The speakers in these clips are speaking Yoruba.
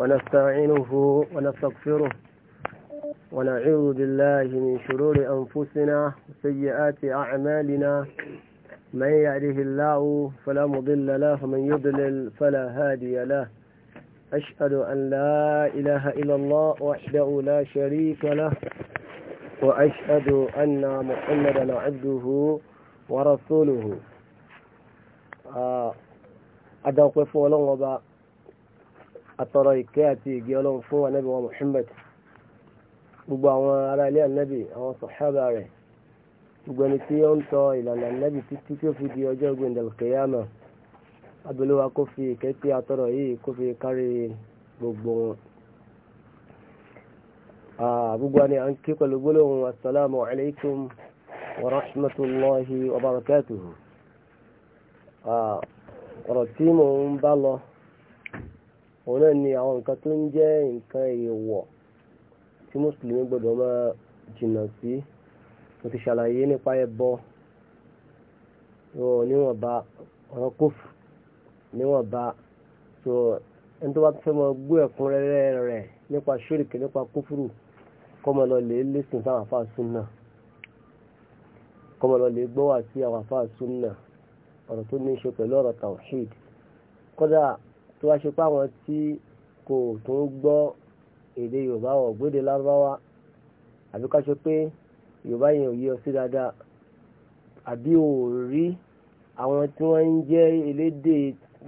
ونستعينه ونستغفره ونعوذ بالله من شرور أنفسنا وسيئات أعمالنا من يعده الله فلا مضل له ومن يضلل فلا هادي له أشهد أن لا إله إلا الله وحده لا شريك له وأشهد أن محمدا عبده ورسوله آه، أدعوكم فولون وبقى atọ́rọ ìkẹ́ àti ìgẹ́ ọlọ́run fún anábì wa Muhammad gbogbo àwọn ará ilé anábì àwọn sọ̀hábà rẹ̀ gbogbo ẹni tí ó ń tọ ìlànà anábì títí tí ó fi di ọjọ́ ìgbìndàlùkẹ́yàmà abẹ́lẹ́wà kó fi ìkẹ́ tí atọ́rọ yìí kó fi kárí gbogbo wọn gbogbo ni a ń kí pẹ̀lú gbólóhùn assalamu alaikum wa rahmatullahi wa barakatuhu ọ̀rọ̀ tí mò ń bá lọ òun ni àwọn nǹkan tó ń jẹ́ nǹkan èèwọ̀ tí mùsùlùmí gbọ́dọ̀ máa jìnnà sí mo ti ṣàlàyé nípa ẹbọ níwọ̀nba ọ̀rọ̀ kófù níwọ̀nba so ẹni tó bá fẹ́ mọ gbé ẹ̀kúnrẹ́rẹ́ rẹ̀ nípa ṣíríkì nípa kúfùrù kọ́mọ lọ lè lẹ́sìn sáwọn àfáà súnà kọ́mọ lọ lè gbọ́wà sí àwọn àfáà súnà ọ̀rọ̀ tó ní í ṣe pẹ̀lú ọ̀rọ̀ tàwíìd kódà tó wá ṣe páwọn tí kò tó gbọ́ èdè yorùbá wọn gbédè lárúbáwá àbí ká ṣe pé yorùbá yẹn ò yí ọ sí dáadáa àbí ò rí àwọn tí wọ́n ń jẹ́ elédè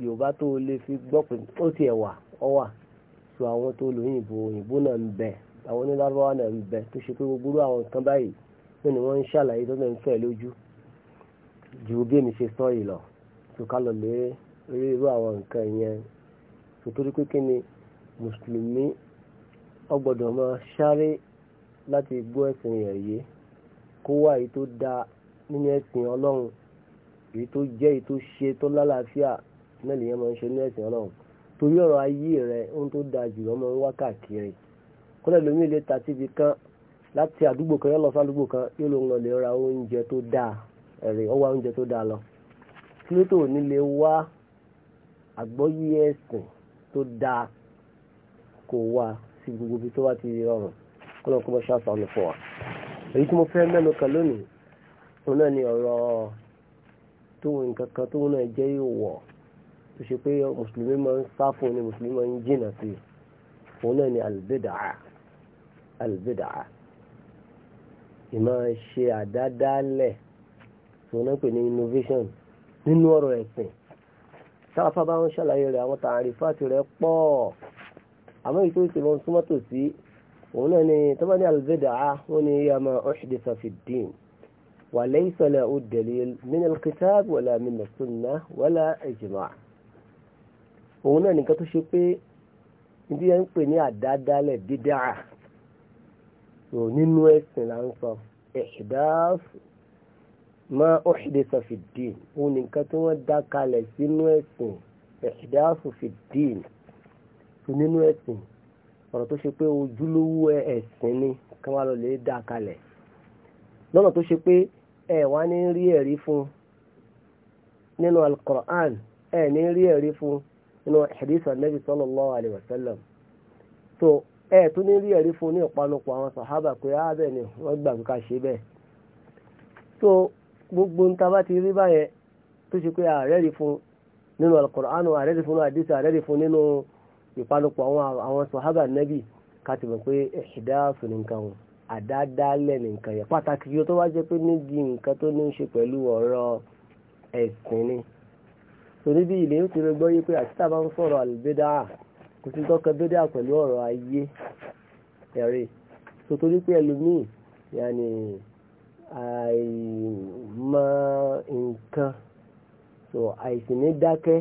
yorùbá tó lè fi gbọ́ pé ó ti ẹ̀wà ọwà so àwọn tó lóyìnbó òyìnbó náà ń bẹ àwọn onílárúbáwá náà ń bẹ tó ṣe pé gbogbo àwọn nǹkan báyìí náà ni wọ́n ń ṣàlàyé tó náà ń fẹ́ lójú ju bí èmi ṣe sọ yìí tó ká lọ lé irú àwọn nǹkan yẹn sòtórí pé kí ni mùsùlùmí ó gbọ́dọ̀ máa sáré láti gbọ́ ẹ̀sìn rẹ̀ yé kó wá èyí tó dáa nínú ẹ̀sìn ọlọ́run èyí tó jẹ́ èyí tó ṣe tó lálàáfíà náà lèyàn máa ń ṣe ní ẹ̀sìn ọlọ́run torí ọ̀rọ̀ ayé rẹ̀ ohun tó dáa jù lọ́mọ ń wá káàkiri kódà lómi lè ta síbi kan láti àdúgbò kan yóò lọ sádùgbò kan yóò lọ lọ lè ra oúnjẹ tó dáa ẹ̀rẹ̀ ọwọ́ oúnjẹ tó dáa lọ kí ló tó ní lè wá àgbọ́yé ẹ̀sìn tó dáa kó wá sí gbogbo ibi tó wá ti rọrùn kọ́lọ́n kó bọ́ ṣáà sọ̀rọ̀ fún wa. èyí tí mo fẹ́ mẹ́nu kan lónìí òun náà ni ọ̀rọ̀ tóun nǹkan kan tóun náà jẹ́ ìwọ̀ tó ṣe pé mùsùlùmí máa ń sá fún ni mùsùlùmí máa ń jìnà sí òun náà ni albidaa albidaa ìmọ̀ ṣe àdádálẹ̀ tí wọ́n náà pè ní innovation nínú ọ̀rọ̀ ẹ̀sìn sáfà bá ń ṣàlàyé rẹ̀ àwọn tààrífàtì rẹ̀ pọ̀ àmọ́ èyí tó ti lọ súnmọ́ tòsí òun náà ni tó bá ní al-bid'ah wọ́n ní yà máa uhditha fi ddin wa laysa lahu dalil min al-kitab wala min as-sunnah wala òun náà nìkan tó ṣe pé ibi yẹn ń pè ní àdádálẹ̀ bid'ah nínú ẹ̀sìn là ń sọ ihdath ma uhdisa fi ddin òun nìkan tí wọ́n dá kalẹ̀ sínú ẹ̀sìn ihdasu fi ddin nínú ẹ̀sìn ọ̀rọ̀ tó ṣe pé ojúlówó ẹ̀sìn ni kí wọ́n lọ lè dá kalẹ̀ lọ́nà tó ṣe pé ẹ wá ní rí ẹ̀rí fún nínú al-Qur'an ẹ ní rí ẹ̀rí fún nínú hadith anabi sallallahu alayhi wa sallam so ẹ tún ní rí ẹ̀rí fún ní ìpanupọ̀ àwọn sàhábà pé ábẹ̀ ah, ni wọ́n gbà ká ṣe bẹ́ẹ̀ gbogbo ń taba ti rí báyẹn tó ṣe pé ààrẹ rí fún nínú alukur'anu ààrẹ rí fún nínú àdìsí ààrẹ rí fún nínú ìpanupọ̀ àwọn àwọn sọ̀hábà nẹ́bì káti mọ̀ pé ẹ̀ṣẹ̀dá sùn nǹkan wọn àdádálẹ̀ nǹkan yẹn pàtàkì yóò tó wá jẹ́ pé níbi nǹkan tó ní í ṣe pẹ̀lú ọ̀rọ̀ ẹ̀sìn ni torí bí ilé ti rẹ gbọ́ yí pé àti tábà ń sọ̀rọ̀ àlùbẹ́dà kò sí tọ́kẹ́ bẹ́dà pẹ̀lú ọ̀rọ̀ ayé ẹ̀rẹ́ so torí pé ẹlòmíì yàní àìmọ̀ nǹkan so àìsàn ní dákẹ́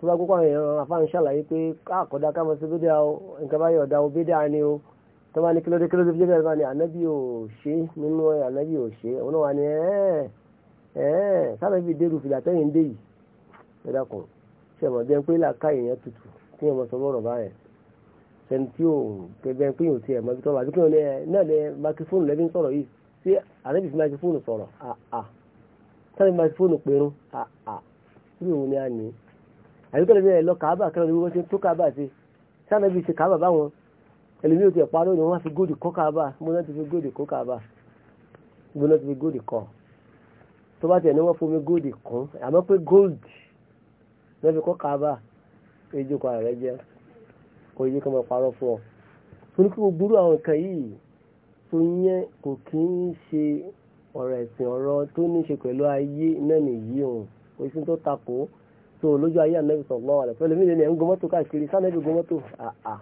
tó bá gbogbo àwọn èèyàn afáàní ṣàlàyé pé káàkọ́dá ká mọ̀ sí bídà o nǹkan báyìí ọ̀dà o bídà ni o tó bá ní kílódé kílódé bídà bídà ni ànábì ò ṣe nínú ànábì ò ṣe òun wà ní ẹ́ẹ̀ ẹ́ẹ̀ sábẹ́bí dérú fìlà tẹ́yìn dé yìí ẹ̀dá kan ṣe mọ̀ bẹ́ẹ̀ pé làákà èèyàn tutù kí èèyàn mọ̀ sọ bọ́rọ̀ báyẹn sẹ́ni tí ò kẹ́bẹ́ pé yóò ti ẹ̀ mọ́ bí tọ́ sí ànábì fi máikrófóònù sọ̀rọ̀ àà sábà máikrófóònù pẹ̀rún àà kí òun ni a ní àyíkọ́ lẹ́bí ẹ̀ lọ kàábà kẹ́rọ̀ ní wọ́n ṣe tó kàábà sí sábàbí ṣe kàábà báwọn ẹlòmíì ti ẹ̀pá lónìí wọ́n fi góòdì kọ́ kàábà gbóná ti fi góòdì kọ́ kàábà gbóná ti fi góòdì kọ́ tó bá tiẹ̀ ní wọ́n fomi góòdì kún àmọ́ pé góòdì ní wọ́n fi kọ́ kàábà èjì kọ́ ààrẹ kò yí kọ́ mọ́ parọ́ fún ọ so yẹn kò kí ń ṣe ọ̀rọ̀ ẹ̀sìn ọ̀rọ̀ tó ní ṣe pẹ̀lú ayé náà nìyí òun kò sí tó takò so lójú ayé ànábì sallallahu alaihi wasallam mi lè ní ẹ̀ ń gomọ́tò káàkiri sànẹ́bí gomọ́tò àà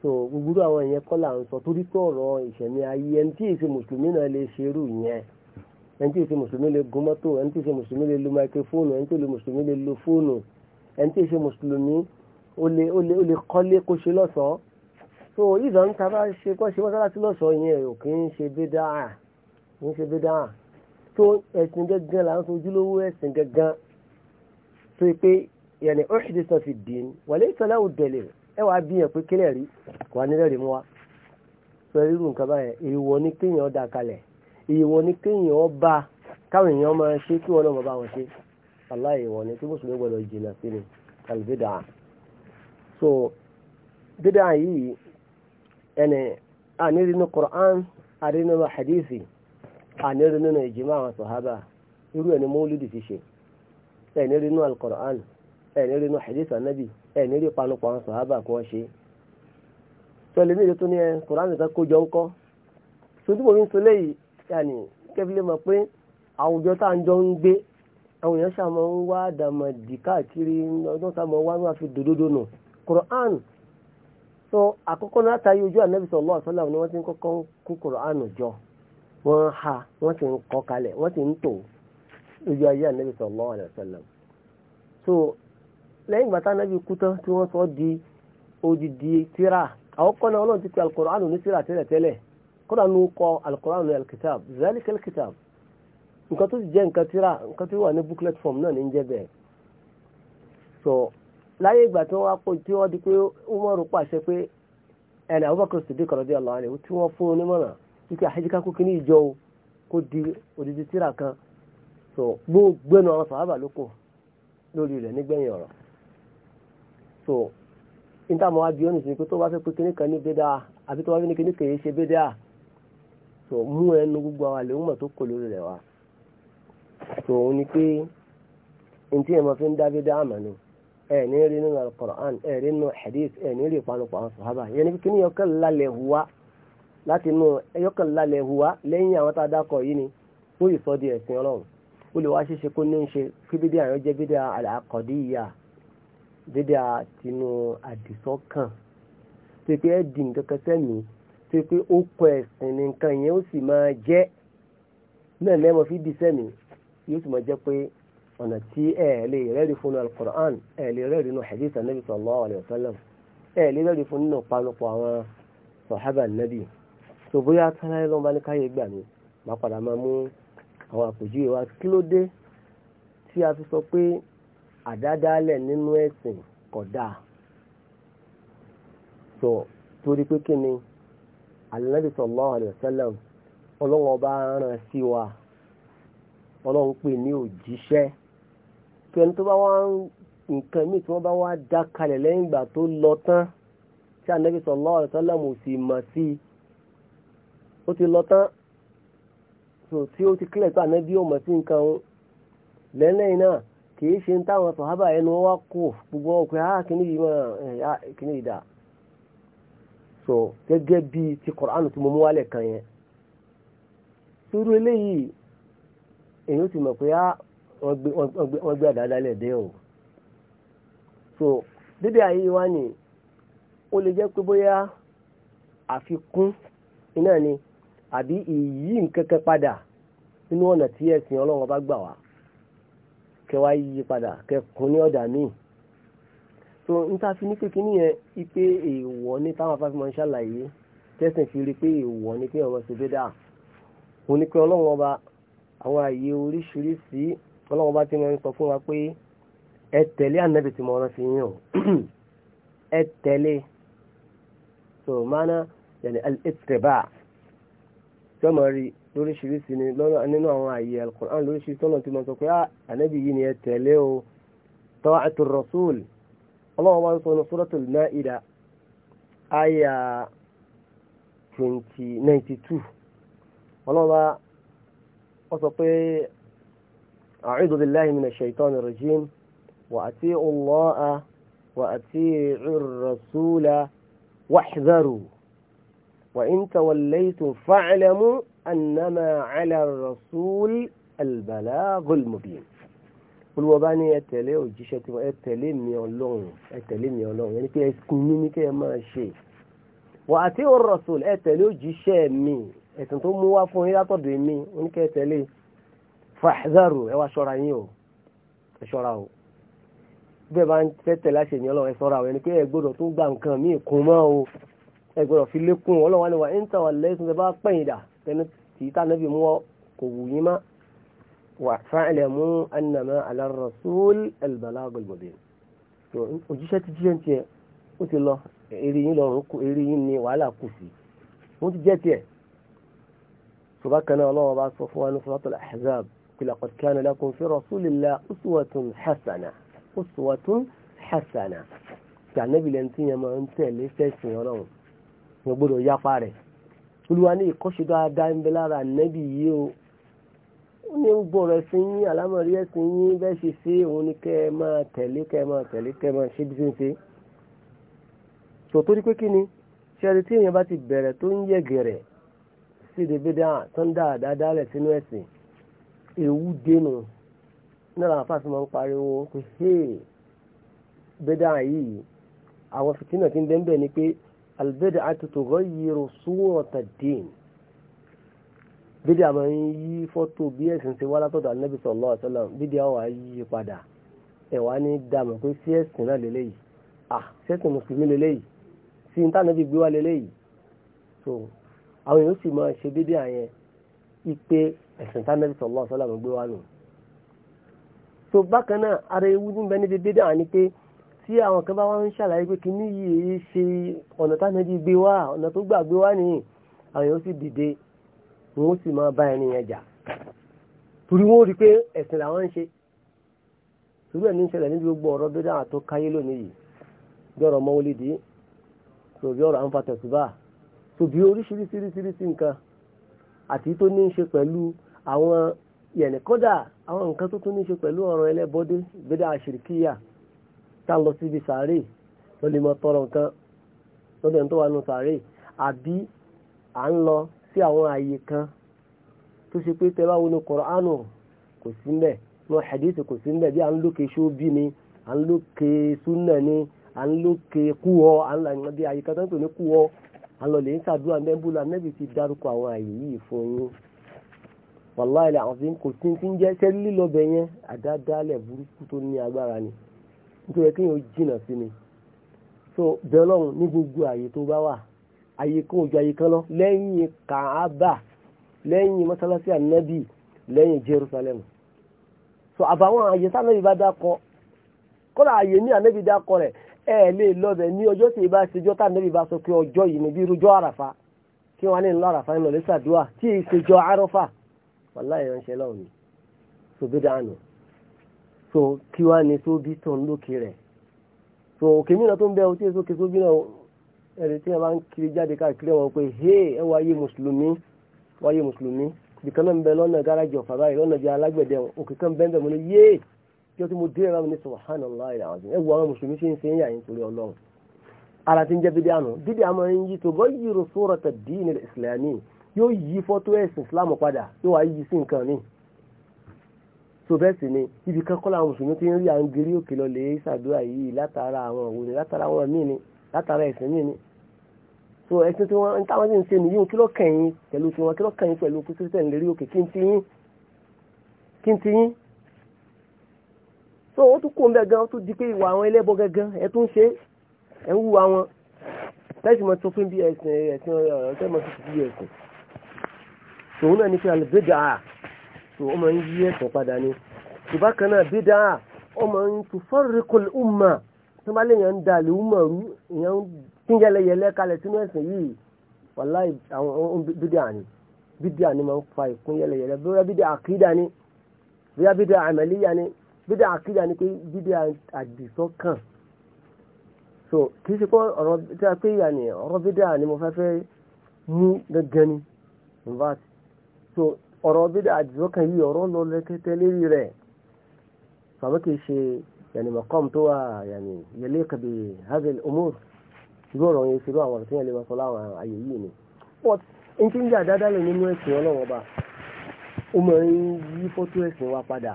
so gbogbo àwọn ìyẹn kọ́ là ń sọ torí pé ọ̀rọ̀ ìṣẹ̀mí ayé ẹni tí èsì mùsùlùmí náà lè ṣe irú yẹn ẹni tí èsì mùsùlùmí lè gomọ́tò ẹni tí èsì mùsùlùmí lè lo máikrófóònù ẹni tí èsì mùsùlùmí lè lo fóònù ẹni tí èsì mùsùlùmí ó lè kọ́lé kó ṣe lọ́sọ̀ọ́ so ìdọ̀ ń ta bá ṣe kọ́ ṣe mọ́sálásí lọ́sọ̀ọ́ yẹn ò kì í ṣe bídà kì í ṣe bídà tó ẹ̀sìn gẹ́gẹ́ là ń sojú lówó ẹ̀sìn gẹ́gẹ́ tó pé yẹn ni ọ̀ṣìdì sọ fi dín wàlẹ́ ìtọ́lá ò dẹ̀lẹ̀ ẹ wàá bí yẹn pé kílẹ̀ rí kò wá nílẹ̀ rí mu wa sọ irú nǹkan báyẹn èèwọ̀ ni kéèyàn dà kalẹ̀ èèwọ̀ ni kéèyàn bá káwọn èèyàn máa ṣe kí wọn náà so bídà yìí ẹni àníri ní Qur'an àríri nínú hadithi àníri nínú ìjìmá àwọn sọ̀hábà irú ẹni mọ́lúdì ti ṣe ẹni rí nínú al-Qur'an ẹni rí nínú hadith anabi ẹni rí panupọ̀ àwọn sọ̀hábà kí wọ́n ṣe sọlẹ̀ níbi tó ní ẹ Qur'an nìkan kójọ ń kọ́ sojúbọ̀ mi ń sọ lẹ́yìn yàní kẹ́fílẹ̀ mọ̀ pé àwùjọ tá à ń jọ ń gbé àwọn èèyàn ṣàmọ́ ń wá dàmọ̀dì káàkiri ọdún tá a mọ̀ wá fi dòdòdò nù Qur'an so àkọ́kọ́ náà látàrí ojú ànábì sallallahu alaihi wasallam ni wọ́n ti ń kọ́kọ́ kó Kùránì jọ wọ́n ha wọ́n ti ń kọ́ kalẹ̀ wọ́n ti ń tò ojú ayé ànábì sallallahu alaihi wasallam so lẹ́yìn ìgbà tánábì kú tán tí wọ́n sọ di odidi tíra àkọ́kọ́ náà ọlọ́run ti pe Al-Kùránì ní tíra tẹ́lẹ̀tẹ́lẹ̀ kọ́dà ló kọ Al-Kùránì al-kitab zalika kitab nǹkan tó ti jẹ́ nǹkan tíra nǹkan tó wà ní booklet form náà ní ń jẹ́ bẹ́ẹ̀ so láyé ìgbà tí wọ́n wá pò tí wọ́n di pé Umaru pàṣẹ pé ẹnì Abubakar Siddiq radiyallahu anhu tí wọ́n fún onímọ̀ràn wípé àṣejíká kó kíní ìjọ o kó di odidi tíra kan so gbogbo ẹnu àwọn sàhábà ló kù lórí rẹ̀ nígbẹ̀yìn ọ̀rọ̀ so níta mọ́ abiyọ́ nìsín pé tó bá fẹ́ pé kíní kan ní bídà àbí tó bá fẹ́ ní kíní kan yìí ṣe bídà so mú ẹnu gbogbo àwọn àlẹ́ òmùmọ̀ tó lórí rẹ̀ ẹ̀ ní rí nínú alukoran ẹ̀ rí nínú hadith ẹ̀ ní rí ìpanupọ̀ àwọn sàhábà yẹn ní kí ni yọkàn lálẹ́ huwa láti inú yọkàn lálẹ́ huwa lẹ́yìn àwọn tá a dákọ̀ yìí ni fún ìsọdí ẹ̀sìn ọlọ́run ó lè wá ṣeéṣe kó ní í ṣe kí bídí àyàn jẹ́ bídí àkọ́díyà bídí àtinú àdìsọ́kàn tó pé ẹ̀ dì sẹ́mi tó pé ó kọ ẹ̀sìn nìkan yẹn ó sì máa jẹ́ náà lẹ́mọ̀ fi sẹ́mi yóò sì máa jẹ́ pé ọ̀nà tí ẹ lè rẹ́rìí fún alukur'an ẹ lè rẹ́rìí nù hadith anabi sallallahu alayhi wa sallam ẹ lè rẹ́rìí fún nínú panupọ̀ àwọn sọ̀hábà nabi tó bóyá tánà ẹ lọ́nba ní káyé gbà mí má padà máa mú àwọn àpèjúwe wa kí ló dé tí a fi sọ pé àdádálẹ̀ nínú ẹ̀sìn kódà tó torí pé kí ni alẹ́nabi sallallahu alayhi wa sallam ọlọ́wọ́n bá rán sí wa ọlọ́run pè ní òjíṣẹ́ tó tó bá wá nǹkan míì tí wọ́n bá wá dá kalẹ̀ lẹ́yìn ìgbà tó lọ tán tí a sallallahu alaihi wasallam ò mọ̀ sí ó ti lọ tán tí ó ti kílẹ̀ tó Ànábì ò mọ̀ sí nǹkan òun lẹ́lẹ́yìn náà kìí ṣe ń táwọn sọ̀hábà ẹnu wá gbogbo ah, yìí máa ẹ̀yà eh, ah, so gẹ́gẹ́ bí ti tí mo wọ́n gbé àdáadáa lẹ̀ dé o so dídé ayé wa ni ó lè jẹ́ pé bóyá àfikún iná ni àbí ìyí nkankan padà nínú ọ̀nà tí ẹ̀sìn ọlọ́run bá gbà wá kẹ wá yí padà kẹ kún ní ọ̀dà míì so n ta fi ní pé kíní yẹn ipe èèwọ̀ ní táwọn afáfímọ̀ ń ṣàlàyé tẹ́sìn fi rí pé èèwọ̀ ní pé ọmọ ṣe bí dáa òun ni pé ọlọ́run ọba àwọn àyè oríṣiríṣi ọlọ́run bá ti máa ń sọ fún wa pé ẹ tẹ̀lé ànábì tí mo rán sí yín o ẹ tẹ̀lé so mana yẹn al-ittiba tí wọ́n máa rí lóríṣiríṣi ni lọ́nà nínú àwọn àyè al-Qur'an lóríṣiríṣi tọ́nà tí mo sọ pé ah, ànábì yìí ni ẹ tẹ̀lé o ta'atu rasul ọlọ́run bá sọ ní suratul Ma'idah àyà twenty ninety bá sọ pé. أعوذ بالله من الشيطان الرجيم وأطيعوا الله وأطيعوا الرسول واحذروا وإن توليتم فاعلموا أنما على الرسول البلاغ المبين olùwọ́ bá ní ẹ̀tẹ̀lé òjíṣẹ́ tí wọ́n ẹ̀tẹ̀lé mi ọlọ́run ẹ̀tẹ̀lé mi ọlọ́run yẹn pé ẹ̀sìn mi ní kẹ́ ẹ máa ṣe wà àti ọ̀rọ̀ sọ̀l ẹ̀tẹ̀lé òjíṣẹ́ mi ẹ̀sìn tó mú wá fún yín látọ̀dọ̀ mi oníkẹ́ ẹ̀tẹ̀lé fàḥzàrù ẹ wá ṣọ́ra yín o ẹ ṣọ́ra o bẹ́ẹ̀ bá ń tẹ́tẹ̀ láṣẹ ní ọlọ́run ẹ ṣọ́ra o ẹni pé ẹ gbọ́dọ̀ tún gba nǹkan míì kún mọ́ o ẹ gbọ́dọ̀ fi lékún ọlọ́run ni wà ń tàn wà lẹ́sùn tẹ bá pẹ̀yìn dà tẹnu tì í tà níbi mú ọ kò wù yín má wà fa'lamu annama ala rasul al-balagul mubin òjíṣẹ́ ti jíṣẹ́ tiẹ̀ ó ti lọ eré yín lọ́rùn eré yín ni wàhálà kù sí wọ́n ti jẹ́ tiẹ̀ tó bá kan náà ọlọ́run bá sọ fún wa ní suratul لقد كان لكم في رسول الله أسوة حسنة أسوة حسنة النبي لنتين يما أنت اللي فيسن يرون يقولوا يا فاري olúwa ní ìkọ́ṣe dáadáa ń bẹ lára ànábì yìí o ó ní gbọ́rọ̀ ẹ̀sìn yín àlámọ̀rí ẹ̀sìn yín bẹ́ẹ̀ ṣe ṣe òun ni kẹ́ ẹ máa tẹ̀lé kẹ́ ẹ máa tẹ̀lé kẹ́ ẹ máa ṣe bí ṣe ń ṣe. tòótórí pé kí ni ṣẹ́ni tí èèyàn bá ti bẹ̀rẹ̀ tó ń yẹ̀gẹ̀rẹ̀ sí ìdèbédà tó dáadáa dálẹ̀ sínú ẹ̀sìn ewu dénú náà làwọn afáàfin máa ń pariwo pé hey bẹ́dà yìí àwọn fìtínà ti ń bẹ́ẹ̀ bẹ́ẹ̀ ni pé albẹ́dà àtútù rọ yìí rò súwọ́ta dín bídí àmọ́ ń yí fọ́tò bí ẹ̀sìn ti wá látọ̀dọ̀ anábì sallallahu alaihi wasallam bídí àwọn ayé padà ẹ̀wà ní dàmọ̀ pé sí ẹ̀sìn náà lélẹ́yìí ah sí ẹ̀sìn mùsùlùmí lélẹ́yìí sí ní tànàbí gbé wá lélẹ́yìí so àwọn èèyàn sì máa ṣe bídí àyẹn ipe ẹ̀sìn tánẹ́bí sọ̀lọ́ ọ̀sọ́lá ló gbé nù. so bákan náà ara ewu ní bẹ́ẹ̀ níbi bídà ni pé tí àwọn kan bá wá ń ṣàlàyé pé kíní yìí ṣe ọ̀nà tánẹ́bí gbé wá ọ̀nà tó gbà gbé wá nìyí àwọn yóò sì dìde wọn ó sì máa bá ẹni yẹn jà torí wọn ò rí pé ẹ̀sìn làwọn ń ṣe torí ẹ̀ ní ìṣẹ̀lẹ̀ níbi gbogbo ọ̀rọ̀ bídà tó káyé lónìí yìí bí ọ̀rọ̀ mọ́wólídìí tó bí àti tó ní ṣe pẹ̀lú àwọn yẹ̀nì kódà àwọn nǹkan tó tún ní ṣe pẹ̀lú ọ̀rọ̀ ẹlẹ́bọ́dé gbédà àṣìríkíyà tá lọ síbi sàárè ló lè mọ tọrọ nǹkan lọ́dọ̀ tó wà nù sàárè àbí à ń lọ sí àwọn àyè kan tó ṣe pé tẹ́ bá wọnú Kùránù kò sí ń bẹ̀ nù kò sí ń bí à ń ni à ń lókè súnà ni à ń lókè kúwọ́ à ń lànà bí àyè kan tó ń pè ní kúwọ́ wàláì àwọn tí kò sí ti ń jẹ́ ṣẹ́ lílọ́bẹ̀ yẹn àdádálẹ̀ burúkú tó ní agbára ni nítorí kí yóò jìnà sí ni so bẹ́ẹ̀ lọ́run ní gbogbo àyè tó bá wà àyè kan ojú àyè kan lọ lẹ́yìn kàábà lẹ́yìn mọ́sálásí ànábì lẹ́yìn Jerusalem so àbáwọn àyè tí ànábì bá dákọ kọ́lá àyè ní ànábì dákọ rẹ̀ ẹ lè lọ́bẹ̀ ní ọjọ́ tí ìbá ṣèjọ́ tá ànábì bá sọ pé ọjọ́ yìí ni bí irújọ́ àràfà kí wọ́n á ní ńlọ wàlá ìránṣẹ́ lọ́wọ́ ni so bí dànù so kí wá ni tó bí tó ń lókè rẹ̀ so òkè mìíràn tó ń bẹ ọtí èso kèso bí náà ẹ̀rẹ̀ tí a bá ń kiri jáde káàkiri wọn pé hey ẹ wáyé mùsùlùmí wáyé mùsùlùmí ìkan náà ń bẹ lọ́nà gáràjì ọ̀fà báyìí lọ́nà bí alágbẹ̀dẹ òkè kan bẹ́ẹ̀ bẹ́ẹ̀ mo ní yé kí ó mo dé ẹ̀rọ mi ní subhanallah ìràwọ̀dì yóò yí fọ́tò ẹ̀sìn Islam padà yóò wá yí sí nǹkan ni so bẹ́ẹ̀ sì ni ibi kankan làwọn mùsùlùmí ti ń rí àwọn gírí òkè lọ lè ṣàdúrà yìí látara àwọn òwò ni látara àwọn míì ni látara ẹ̀sìn míì ni so ẹ̀sìn tí wọ́n táwọn sì ń ṣe nìyí kí ló kẹ̀yìn pẹ̀lú tí wọ́n kí ló kẹ̀yìn pẹ̀lú kírísítẹ̀nì lérí òkè kí n ti yín kí n ti yín so ó tún kó mbẹ gan ó tún di pé ìwà àwọn ẹlẹ́bọ gẹ́gẹ́ ẹ tún ṣe ẹ ń wù àwọn tẹ́sí mọ́ fún bí ẹ̀sìn ẹ̀sìn ọ̀rọ̀ tẹ́sí mọ́ fún bí ẹ̀sìn tòun náà ní fi àlùbídà tó ọmọ ń yí ẹ̀sọ̀ padà ni ṣùgbọ́n kan náà bídà ọmọ ń tu fọ́rẹ́kọ̀lù ọmọ tó bá lè yàn ń da àlùmọ̀ rú ìyàn tí ń yẹlẹ yẹlẹ kalẹ̀ sínú ẹ̀sìn yìí wàláì àwọn bídà ni bídà ni máa ń fa ìkún yẹlẹ yẹlẹ bóyá bídà àkídà ni bóyá bídà àmàlíyà ni bídà àkídà ni pé bídà àdìsọ́kàn so kì í ṣe pé ọ̀rọ̀ bídà pé ìyà ni ọ̀rọ̀ bídà ni mo fẹ́ fẹ́ mú gẹ́gẹ́ ni in fact so ọ̀rọ̀ bídà àdìsọ́kàn yìí ọ̀rọ̀ lọ lẹ́kẹ́tẹ́ lérí rẹ̀ sọ̀rọ̀ kìí ṣe yàní maqam tó wà yàní yaliqa bi hadhihi al-umur ṣùgbọ́n ọ̀rọ̀ yẹn ṣùgbọ́n àwọn àti yẹn lè máa sọ láwọn àyè yìí ni. but n ti ń jà dáadáa lè nínú ẹ̀sìn ọlọ́wọ́n bá ó mọ̀ ń yí fọ́tò ẹ̀sìn wa padà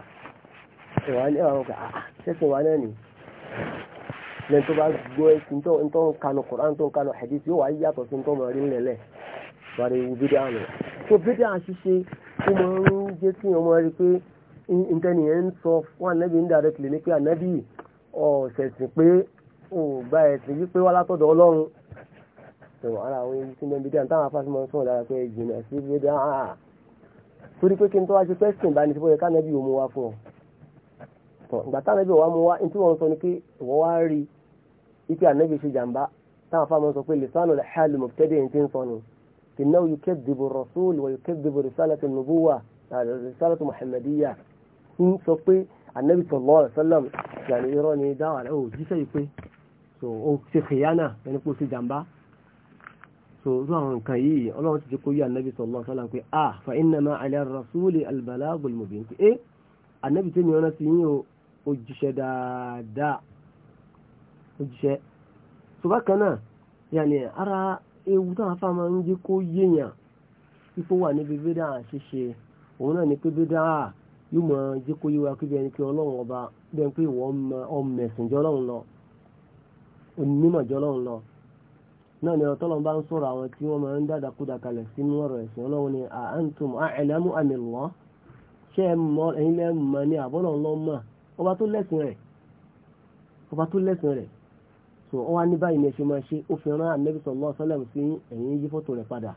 ìwà ní àwọn ọkọ̀ tó bídà àṣìṣe ó máa ń jẹ́ kí ọmọ rí pé ìtẹnìyàn ń sọ fún ànábì indirectly ní pé ànábì ọ̀sẹ̀sìn pé ò gba ẹ̀sìn yí pé wá látọ̀dọ̀ ọlọ́run tẹ̀wọ̀n ara àwọn ẹni tí mo ń bídà táwọn afásí máa ń sọ̀rọ̀ dára pé ìjìnà sí bídà áà torí pé kí n tó wá ṣe pẹ́sìn bá ní ti bọ́ yẹ kánábì ò mú wá fún ọ ìgbà tánábì ò mú wá ní tí wọ́n sọ ni pé ìwọ́ wá rí i pé ànábì ṣe jàǹbá táwọn afá máa ń sọ pé lè sánà hàlùmọ̀ tẹ́dẹ̀ ń ti ń sọ nù إنه يكذب الرسول ويكذب رسالة النبوة رسالة محمدية ń sọ pé anabi sọlọ ọsọlọm yàrá irọ́ ni dáhà rẹ ò jíṣẹ́ yìí pé so ó ṣe kìyànà ẹni pé ó ṣe jàmbá so irú àwọn nǹkan yìí ọlọ́run ti jẹ́ kó yí anabi sọlọ ọsọlọm pé a fa innama ala rasuli albalagul mubin pé e anabi tó ní ọ̀nà sí yín ó jíṣẹ́ dáadáa ó jíṣẹ́ so bákan náà yàrá ara ewu táwọn afá máa ń jẹ́ kó yéèyàn ipò wà níbi bídà ṣíṣe òun náà ni pé bídà yóò máa jẹ́ kó yíwa kí bẹ́ẹ̀ ni pé ọlọ́run ọba bẹ́ẹ̀ ni pé ìwọ ọmẹ̀sìn jọ ọlọ́run lọ onímọ̀ jọ ọlọ́run lọ náà ni ọ̀tọ́lọ́run bá ń sọ̀rọ̀ àwọn tí wọ́n máa ń dáadáa kúdà kalẹ̀ sínú ọ̀rọ̀ ẹ̀sìn ọlọ́run ni à ń tún àìlẹ́mú àmì lọ́ ṣé ẹ mọ ẹ̀yin lẹ́ mọ ni àbọ̀lọ́run lọ́ mọ̀ ọba tó lẹ́sìn rẹ̀ ọba tó lẹ́sìn rẹ̀ so wọn wá ní báyìí ni ẹ ṣe máa ṣe ó fi rán anabi sallallahu alaihi wasallam sí ẹ̀yìn yí fọ́tò rẹ̀ padà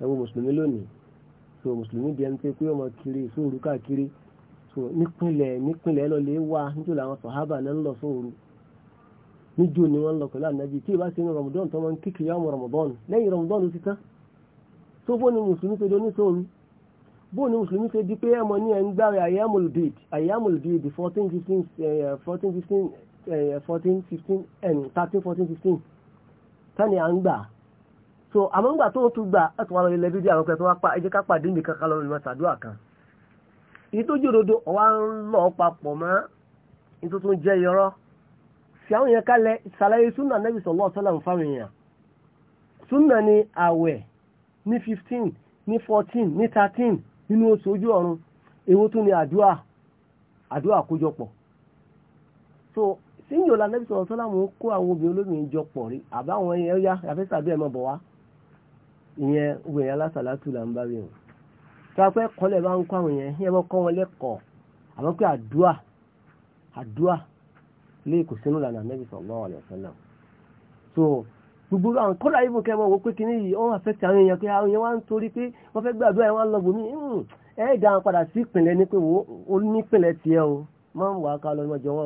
ẹ wo mùsùlùmí lónìí so mùsùlùmí di ẹni pé pé ọmọ kiri sóòrù káàkiri so nípìnlẹ̀ nípìnlẹ̀ lọ lè wá níjó làwọn sàhábà náà ń lọ sóòrù níjó ni wọ́n ń lọ pẹ̀lú ànábì tí ìbá ṣe ní ramadan tó máa ń kíkì yá ọmọ ramadan lẹ́yìn ramadan ló ti bid ayamul bid fourteen fifteen eh, Eh, fourteen fifteen eh, thirteen fourteen fifteen tani à ń gbà so àmọ́ ń gbà tó tún gbà ẹ̀tún wa lọ ilẹ̀ bíbí àwọn kẹtọ́ wá ẹjẹ́ ká pàdé mi kankan lọ́rọ̀ ìwọ̀n sàdúrà kan èyí tó jòdodo ọ̀wá ń lọ papọ̀ mọ́ èyí tó tún jẹ́ irọ́ fi àwọn èèyàn kalẹ̀ ìsàlàyé súnà nẹ́bí sọ̀lọ́ ọ̀sọ́là ń fáwọn èèyàn súnà ni àwẹ̀ ní fifteen ní fourteen ní thirteen nínú oṣù ojú ọ̀run èwo tún ni àdúrà àdúrà àkójọpọ̀ so tí ń yòlá nẹ́bí sọ̀rọ̀ sọ́lá mò ń kó àwọn obìnrin olóbìnrin jọ pọ̀ rí àbáwọn ẹ̀yẹ ọ̀yá àfẹ́sà bí ẹ̀ mọ̀ bọ̀ wá ìyẹn wẹ̀ yẹn alásàlátù là ń bá rí o tó a pẹ́ kọ́lẹ̀ bá ń kọ́ àwọn yẹn yẹn mọ́ kọ́ wọn lẹ́kọ̀ọ́ àmọ́ pé àdúà àdúà lé kò sínú lànà nẹ́bí sallallahu alaihi wasallam so gbogbo àwọn kọ́lá ibò kẹ́ mọ̀ wò pé kíní yìí ó àfẹ́sà àwọn èèyàn pé àwọn èèyàn wá ń torí pé wọ́n fẹ́ gbàdúrà yẹn wá ń lọ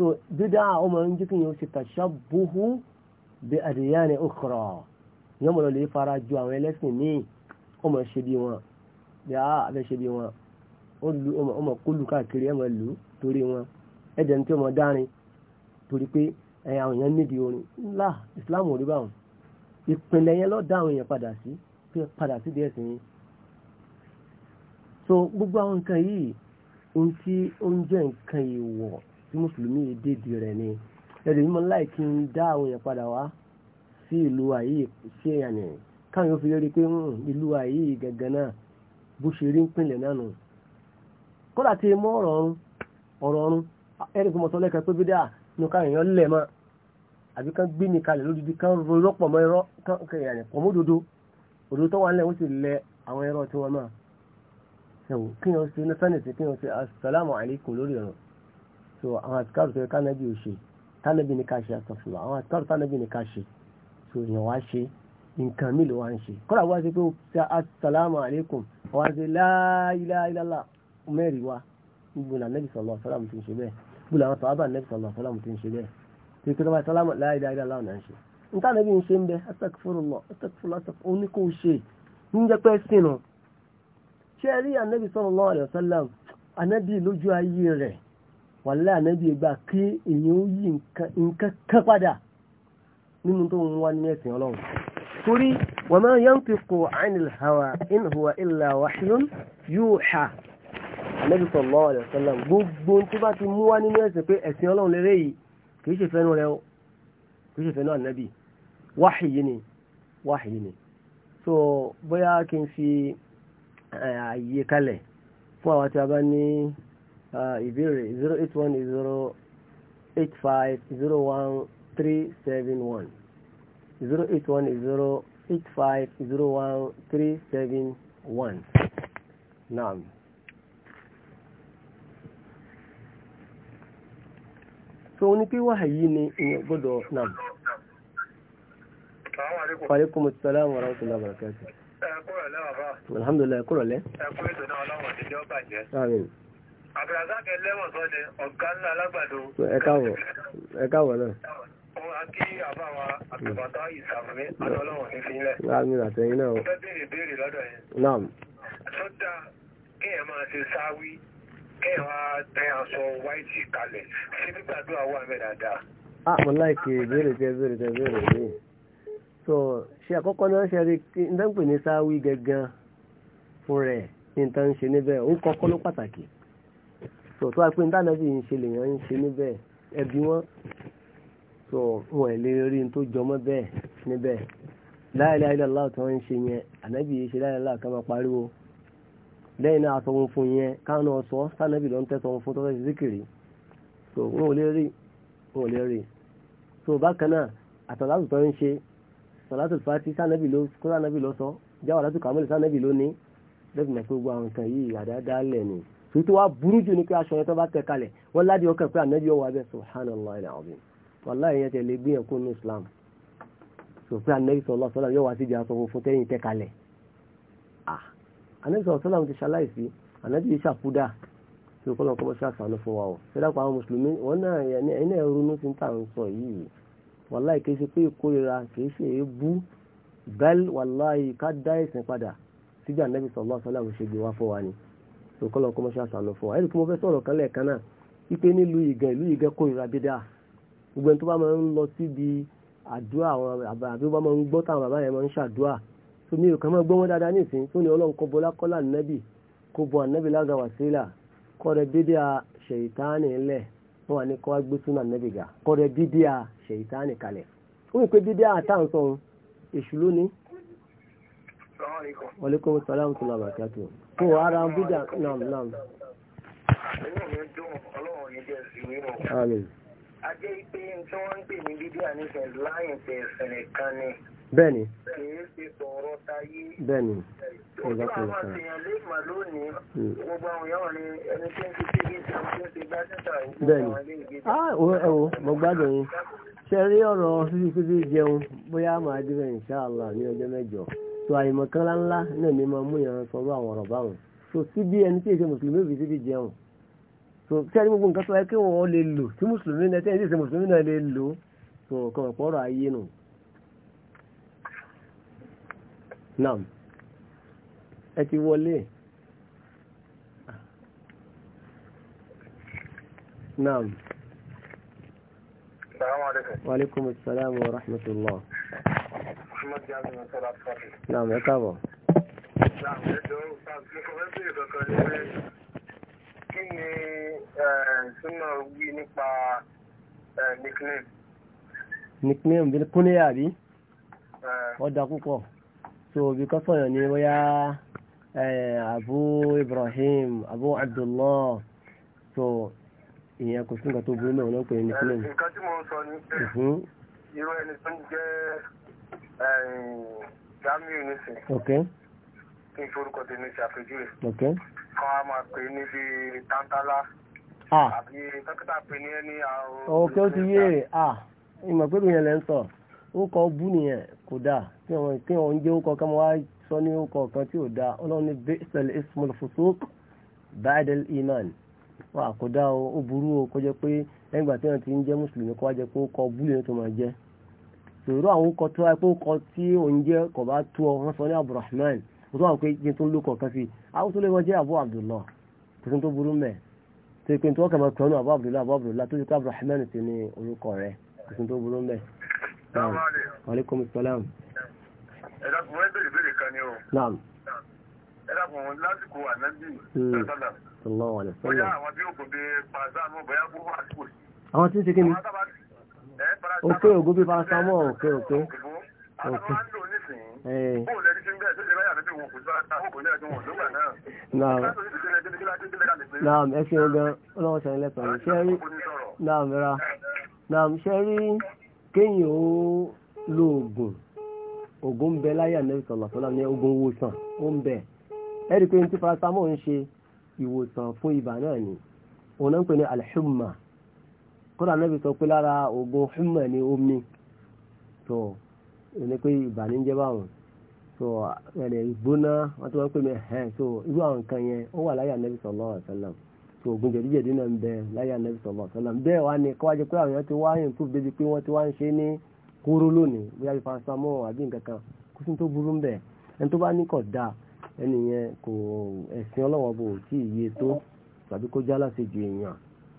so dídá ọmọ ń jí kíyàn ṣe tashabbuhu bi adiyani ukhra yọ́n mọ̀ lọ́lẹ́ fara ju àwọn ẹlẹ́sìn míì ọmọ ṣe bí wọn bí a abẹ́ ṣe bí wọn ọmọ kúlù káàkiri ẹ̀mọ̀ lù torí wọn ẹ̀jẹ̀ ní tí ọmọ dárin torí pé ẹ̀yà àwọn èèyàn nídìí orin ńlá Islam ò rí bá wọn ìpìlẹ̀ yẹn lọ́ọ́ dá àwọn èèyàn padà sí padà sí díẹ̀ sí yín so gbogbo àwọn nǹkan yìí ohun tí ó ń jẹ́ nǹkan ìwọ̀ tí mùsùlùmí yìí dèdè rẹ̀ ni ẹlòmíì máa ń láì kí n dá àwọn èèyàn padà wá sí ìlú àyè ṣé yàn ni káwọn yóò fi rí pé hmm, ìlú àyè gẹ́gẹ́ náà bó ṣe rí ń pinlẹ̀ náà nù kódà tí mọ́ ọ̀rọ̀ ọ̀run ọ̀rọ̀ ọ̀run ẹni fún mọ̀sọ́lẹ́ kan tó bí dáa ní ká èèyàn lẹ̀ mọ́ àbí kan gbé ní kalẹ̀ lódìdí kan ro rọ́pọ̀ mọ́ ẹ̀rọ kẹyàní pọ̀ mọ́dodo òdo tó wà nílẹ̀ ó sì lẹ àwọn ẹ̀rọ tí wọ́n máa ẹ̀wò kí wọ́n ṣe ní sánìtì kí wọ́n ṣe assalamu alaikum lórí ọ̀rọ̀ so àwọn àtikáàrù tó yẹ kánẹ́bì ò ṣe tánẹ́bì ní ká ṣe àtọ̀fùlà àwọn àtikáàrù tánẹ́bì ní ká ṣe so èèyàn wá ṣe nǹkan mí ló wá ń ṣe kọ́lá wá sí pé ó ṣe asalaamu alaykum wá sí láìláìlá mẹ́rin wa gbogbo náà nẹ́bì sọ̀lọ́ sọ́làmù ti ń ṣe bẹ́ẹ̀ gbogbo àwọn sọ̀rọ̀ bá nẹ́bì sọ̀lọ́ sọ́làmù ti ń ṣe bẹ́ẹ̀ tí kí ló bá sọ́làmù láìláìlá ọ̀nà ń ṣe níta nẹ́bì ń ṣe ń bẹ wàlẹ́ ànábì ìgbà kí èyàn ó yí nǹkan kan padà nínú tó ń wá ní ẹ̀sìn ọlọ́run torí wa ma yantiqu anil hawa in huwa illa wahyun yuha ànábì sallallahu alaihi wasallam gbogbo tó bá ti mú wá nínú ẹ̀sìn pé ẹ̀sìn ọlọ́run lérè eh, fún àwọn tí a bá ní. Uh, ìbéèrè zero eight one zero eight five zero one three seven one zero eight one zero eight five zero one three seven one naam. so ní pé wáhàyí ni ìyẹn gbọ́dọ̀ naam. Fàríkùn Mùsùlùmí wa rahmatullahi wa barakatuh. Alhamdulillah, kúrọ̀lẹ́. Ẹkùn ètò náà ọlọ́run ti jọ́ bàjẹ́. Amin. Abdulrazak Ẹlẹ́wọ̀n sọ́dẹ ọ̀gá ńlá alágbàdo. Ẹ káwọ̀ ẹ káwọ̀ náà. Òun á kí àbáwa àtùbọ̀tán ìsàfùmí àtọ́lọ́wọ̀n ní sílẹ̀. Láàmì àtẹ̀yìn náà. Mo fẹ́ béèrè béèrè lọ́dọ̀ yẹn. Naam. Sọ́dà kéèyàn máa ṣe sáwí kéèyàn wá tẹ aṣọ wáìtì kalẹ̀ sí gbígbàdúrà wà mí dáadáa. A ah, mo láìkè ìbéèrè tẹ béèrè tẹ béèrè mi. So ṣe àkọ́kọ́ náà ṣe rí kí n dáńpẹ̀ ní sáwí gangan fún rẹ̀ ní ta ń ṣe níbẹ̀ òun kọ́kọ́ ló pàtàkì so tó wá pé ní tánàbí ń ṣe lèèyàn ń ṣe níbẹ̀ ẹbí wọn so wọn ẹ̀ lè rí tó jọmọ́ bẹ́ẹ̀ níbẹ̀ láìlẹ́ àìlọ́lá tó ń ṣe yẹn ànábì yìí ṣe láìlọ́lá kan máa pariwo lẹ́yìn náà aṣọ wọn fún yẹn káwọn náà sọ tánàbí ló ń tẹ́sọ wọn fún tọ́fẹ́ síkìrì so wọn ò lè rí wọn ò lè rí so bákan náà àtàlátù tó ń ṣe sọlátù fati tánàbí ló kó tánàbí ló sọ jáwọ́ látù kàmọ́lì tánàbí ló ní lẹ́gbẹ̀ẹ́ ni sòwò tó wá burú jù ní pé aṣọ yẹn tó bá tẹ̀ kalẹ̀ wọ́n ládìí ọkàn pé ànábì ọwọ́ abẹ́ subhanallah alazim wàláhì yẹn tẹ̀ lè gbìyàn kó ní islam sòfin ànábì sọ̀rọ̀ sọ́lá yóò wá síbi aṣọ funfun tẹ́yìn tẹ̀ kalẹ̀ ah ànábì sọ̀rọ̀ sọ́lá ti ṣaláìsí ànábì yìí ṣàkúdà tí o kọ́lọ́ kọ́mọ́ṣẹ́ àṣàánú fún wa o ṣẹ́dàpọ̀ àwọn mùsùlùmí wọn náà ẹ̀yìn náà ronú sí tó kọ́ lọ́n kó mọ́ṣá sànù fún wa ẹ̀rí kí mo fẹ́ sọ̀rọ̀ kan lẹ́ẹ̀kan náà wípé nílùú ìgàn ìlú ìgàn kórìíra bídà gbogbo ẹni tó bá máa ń lọ síbi àdúrà àwọn àbí wọ́n máa ń gbọ́ táwọn bàbá yẹn máa ń ṣàdúrà tó ní òkè máa gbọ́ wọn dáadáa ní ìsìn tó ní ọlọ́run kọ́ bọ́lá kọ́lá nẹ́bì kó bọ́ ànẹ́bì lága wàsílà kọ́rẹ́ bídíà ṣèyítánì ńlẹ̀ wọ́n wà ní kọ́ gbé súnà nẹ́bì gà kọ́rẹ́ bídíà ṣèyítánì kalẹ̀ ó ní pé bídíà àtàǹsọ̀ èṣù lónìí Wàlékún Sàlámù tó lọ́wọ́ àkàtò. Kò ara ń bídà náà náà. Inú Bẹ́ẹ̀ni. Ah, Ṣé rí ọ̀rọ̀ fífi fífi jẹun bóyá màá ní so àìmọ̀kan ńláńlá náà ni máa mú ìran sọ̀rọ̀ àwọn ọ̀rọ̀ báwọn so síbi ẹni tí èsè mùsùlùmí òbí síbi jẹun so sẹ́ni gbogbo nǹkan tó yẹ kí wọ́n lè lò tí mùsùlùmí náà sẹ́ni tí èsè mùsùlùmí náà lè lò so kàn pọ̀ ọ̀rọ̀ ayé nù. nam ẹ ti wọlé nam. salaamaleykum. waaleykum salaam wa rahmatulah. Ahmed Jamiu ní Sọ́lá Fọ́lì. Náà mẹ́ káàbọ̀. Náà ẹjọ́ mo kọ́ fẹ́ bèèrè kankan ní pé kí ni Súnà wí nípa nickname? Nickname bí kúnlẹ̀ àbí? Ọ̀dà púpọ̀. So bí kọ́sọ̀yàn ni bóyá Abu Ibrahim, Abu Abdullah. So ìyẹn kò sí nǹkan tó burú náà wọ́n pè nickname. Nǹkan tí mo sọ ni pé mm-hmm. irú ẹni tó ń jẹ́ jamiu nisin kí n forúkọ tèmi ṣàpèjúwe kan a máa pè ní bí tantala àbí dókítà pè ní ẹni àwọn. òkè ó ti yé ìmọ̀ pé ìyẹn lẹ́ ń sọ ó kọ bú nìyẹn kò dáa kí wọn kí wọn jẹ́ ó kọ ká wọn wá sọ ní ó kọ kan tí ò dáa ọlọ́run ní bẹ́sẹ̀l ismul fusuq ba'dal iman wà kò dáa ó burú ó kọjá pé lẹ́yìn tí wọn ti ń jẹ́ mùsùlùmí kó wá jẹ́ pé ó bú nìyẹn tó máa jẹ́ sòrò àwọn ọkọ̀ tó wáyé pé ọkọ̀ tí òun jẹ́ kò bá tó ọ wọ́n sọ ní abdulrahman kò tó wà pé jẹ́ tó ń lókọ̀ kan sí àwọn tó lè wọ́n jẹ́ abu abdullah kò tó ń tó burú mẹ́ tó pé tó kàmá kan abu abdullah abu abdullah tó ti kọ́ abdulrahman sí ní orúkọ rẹ̀ kò tó ń tó burú mẹ́. aleykum salaam. ẹ dákun wọ́n bèrè bèrè kan ni o. naam. ẹ dákun lásìkò ànábì sàlá. sàlá wàlẹ̀ sàlá. bóyá àwọn tí ó kò dé pàṣẹ àwọn bóyá kó wà òkè ògùn bí máa sanwó òkè òkè òkè. naam ẹ ṣeun gan ọlọ́wọ́ sẹ́yìn lẹ́pẹ̀rẹ̀ ṣe rí naam ra naam ṣe rí kéèyàn ó lo oògùn oògùn ń bẹ láyé ànẹ́bí sọ̀lá sọ́lá ní oògùn ìwòsàn ó ń bẹ ẹ rí i pé ní tí paracetamol ń ṣe ìwòsàn fún ibà náà ni òun náà ń pè ní alhumma kódà náà bí sọ pé lára oògùn humna ni omi tó ẹni pé ìbànújẹ́ báwọn tó ẹni ìgbóná wọn tó wọn pè mí ẹ tó irú àwọn nǹkan yẹn ó wà láyà nẹbi sọlọ ọsẹlẹm tó oògùn jẹ̀díjẹ̀dí náà ń bẹ láyà nẹbi sọlọ ọsẹlẹm bẹ́ẹ̀ wá ní kọwájú pé àwọn yẹn ti wá improve débi pé wọn ti wá ń ṣe ní kóró lónìí bóyá bí paracetamọ àbí nǹkan kan kó sì tó burú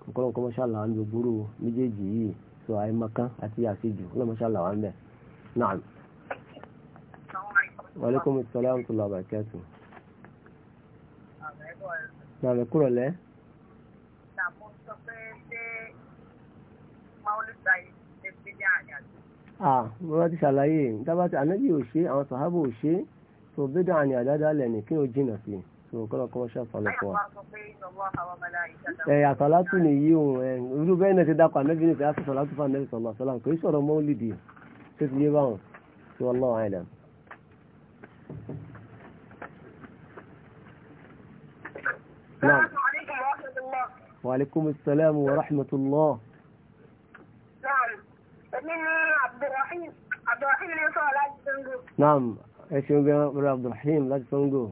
ọ̀pọ̀lọpọ̀ kọ́ mọ́ṣálà ń lo gbúrú méjèèjì yìí sọ àìmọ̀kan àti àṣejù ọlọ́mọṣálà wà ń bẹ̀ náà. wàlékùm sọlá ń tọ́lọ̀ àbàkẹ́tù. nàmẹ́ kúrò lẹ́. ah mo bá ti ṣàlàyé dábàtà ànábì ò ṣe àwọn sàhábà ò ṣe tó bídà ni àdáadáa lẹ̀ ní kí o jìnnà sí i. شكرا كما شاء الله الله وملائكته يا صلاتني يو ورو بينك داكو النبي في اخر صلاه في النبي صلى الله عليه وسلم كيف صار مولدي كيف لي بان والله اعلم السلام عليكم ورحمه الله وعليكم السلام ورحمه الله نعم مني عبد الرحيم عبد الرحيم اللي صار لاج نعم ايش يقول عبد الرحيم لاج فندق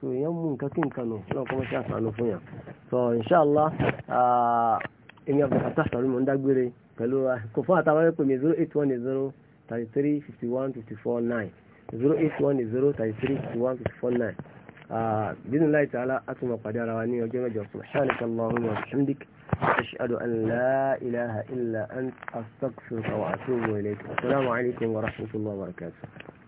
so èèyàn mú nǹkan kí nǹkan nù náà kọ́ mọ́ṣẹ́ àṣàánú fún yàn so inṣàlá ah, èmi abdulfatah sàrú mo ń dágbére pẹ̀lú ah, kò fún àtàwọn ẹ̀pẹ̀ mi zero eight one zero thirty three fifty one fifty four nine zero eight one zero thirty three fifty one fifty four nine bínú láì tààlà á tún mọ̀ pàdé ara wa ní ọjọ́ mẹ́jọ subhanaka Allahumma wa bihamdik ashhadu an la ilaha illa ant astaghfiruka wa atubu ilayk assalamu alaykum wa rahmatullahi wa barakatuh.